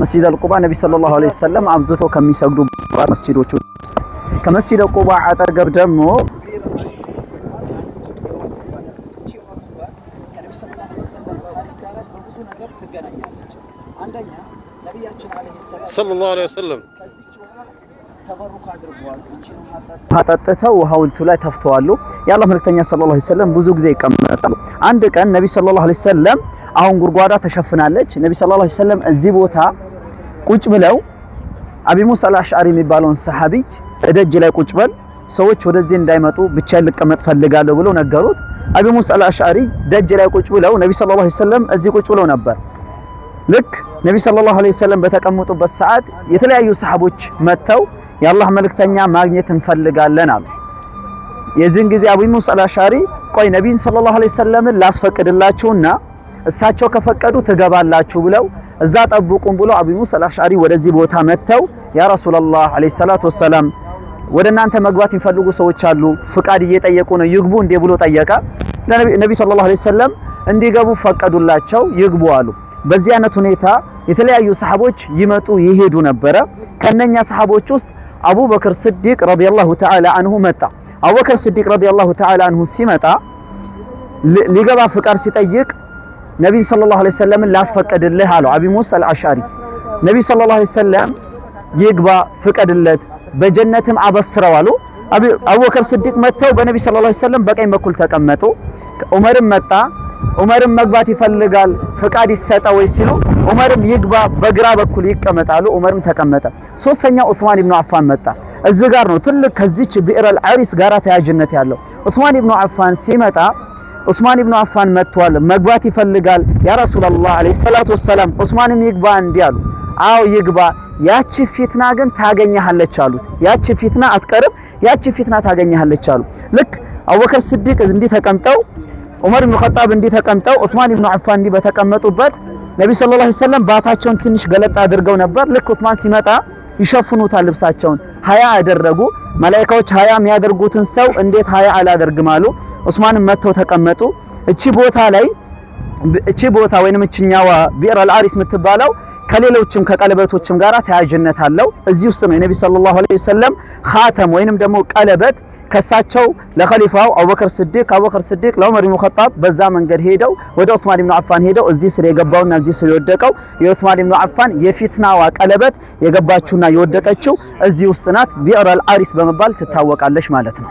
መስጂድ አልቁባ ነቢ ሰለላሁ ዐለይሂ ወሰለም አብዝቶ ከሚሰግዱ መስጂዶች ውስጥ ከመስጂድ አልቁባ አጠገብ ደግሞ አጠጥተው ውሃውንቱ ላይ ተፍተዋሉ። የአላህ መልክተኛ ሰለላሁ ዐለይሂ ወሰለም ብዙ ጊዜ ይቀመጣሉ። አንድ ቀን ነቢ ሰለላሁ ዐለይሂ ወሰለም አሁን ጉድጓዷ ተሸፍናለች። ነቢ ሰለላሁ ዐለይሂ ወሰለም እዚህ ቦታ ቁጭ ብለው አቢ ሙሳ አልአሽዓሪ የሚባለውን ሰሃቢይ እደጅ ላይ ቁጭ በል ሰዎች ወደዚህ እንዳይመጡ ብቻ ልቀመጥ ፈልጋለሁ ብለው ነገሩት። አቢ ሙሳ አልአሽዓሪ ደጅ ላይ ቁጭ ብለው ነቢ ሰለላሁ ዐለይሂ ወሰለም እዚህ ቁጭ ብለው ነበር። ልክ ነቢ ሰለላሁ ዐለይሂ ወሰለም በተቀመጡበት ሰዓት የተለያዩ ሰሃቦች መጥተው የአላህ መልእክተኛ ማግኘት እንፈልጋለን አሉ። የዚህን ጊዜ አቢ ሙሳ አልአሽዓሪ ቆይ ነቢይን ሰለላሁ ዐለይሂ ወሰለምን ላስፈቅድላችሁና እሳቸው ከፈቀዱ ትገባላችሁ ብለው እዛ ጠብቁም ብሎ አቡ ሙሳ አልአሽዓሪ ወደዚህ ቦታ መጥተው ያ ረሱላላህ ዓለይሂ ሰላቱ ወሰላም ወደ እናንተ መግባት የሚፈልጉ ሰዎች አሉ፣ ፍቃድ እየጠየቁ ነው፣ ይግቡ እንዴ ብሎ ጠየቀ። ነቢ ሰለላሁ ዓለይሂ ወሰለም እንዲገቡ ፈቀዱላቸው፣ ይግቡ አሉ። በዚህ አይነት ሁኔታ የተለያዩ ሰሐቦች ይመጡ ይሄዱ ነበረ። ከነኛ ሰሐቦች ውስጥ አቡበክር ስዲቅ ረዲየላሁ ተዓላ አንሁ መጣ። አቡበክር ስዲቅ ረዲየላሁ ተዓላ አንሁ ሲመጣ ሊገባ ፍቃድ ሲጠይቅ ነቢይ ሰለላሁ ዐለይሂ ወሰለምን ላስፈቀድልህ አለው። አቢ ሙሳ አልአሻሪ ነቢይ ሰለላሁ ዐለይሂ ወሰለም ይግባ ፍቀድለት፣ በጀነትም አበስረው አሉ። አቡበከር ስዲቅ መጥተው በነቢይ ሰለላሁ ዐለይሂ ወሰለም በቀኝ በኩል ተቀመጡ። ዑመርም መጣ። ዑመርም መግባት ይፈልጋል ፍቃድ ይሰጠ ወይ ሲሉ ዑመርም ይግባ በግራ በኩል ይቀመጣሉ። ዑመርም ተቀመጠ። ሶስተኛው ዑስማን ኢብኑ አፋን መጣ። እዚህ ጋር ነው ትልቅ ከዚች ብዕረል ዓሪስ ጋራ ተያያዥነት ያለው ዑስማን ኢብኑ አፋን ሲመጣ ዑስማን ኢብኑ አፋን መጥቷል፣ መግባት ይፈልጋል። ያ ረሱላላህ ዓለይሂ ሰላቱ ወሰላም ዑስማንም ይግባ እንዲህ አሉ። አዎ ይግባ፣ ያቺ ፊትና ግን ታገኘሃለች አሉት። ያቺ ፊትና አትቀርብ ያቺ ፊትና ታገኘሃለች አሉ። ልክ አቡበከር ስዲቅ እንዲህ ተቀምጠው፣ ዑመር ኢብኑ ኸጣብ እንዲህ ተቀምጠው፣ ዑስማን ኢብኑ አፋን እንዲህ በተቀመጡበት ነቢ ሰለላሁ ዓለይሂ ወሰለም ባታቸውን ትንሽ ገለጣ አድርገው ነበር። ልክ ዑስማን ሲመጣ ይሸፍኑታል ልብሳቸውን። ሀያ አደረጉ መላኢካዎች። ሀያ የሚያደርጉትን ሰው እንዴት ሀያ አላደርግም አሉ። ዑስማንም መጥተው ተቀመጡ። እቺ ቦታ ላይ እቺ ቦታ ወይንም እችኛዋ ቢዕር አልአሪስ የምትባለው ከሌሎችም ከቀለበቶችም ጋር ተያያዥነት አለው። እዚህ ውስጥ ነው የነቢ ሰለላሁ ዐለይሂ ወሰለም ኻተም ወይንም ደግሞ ቀለበት ከሳቸው ለኸሊፋው አቡበክር ስዲቅ አቡበክር ስዲቅ ለዑመር ኢብኑ ኸጣብ በዛ መንገድ ሄደው ወደ ዑስማን ኢብኑ አፋን ሄደው እዚህ የገባውና እዚህ የወደቀው የዑስማን ኢብኑ አፋን የፊትናዋ ቀለበት የገባችውና የወደቀችው እዚህ ውስጥ ናት። ቢዕር አሪስ በመባል ትታወቃለች ማለት ነው።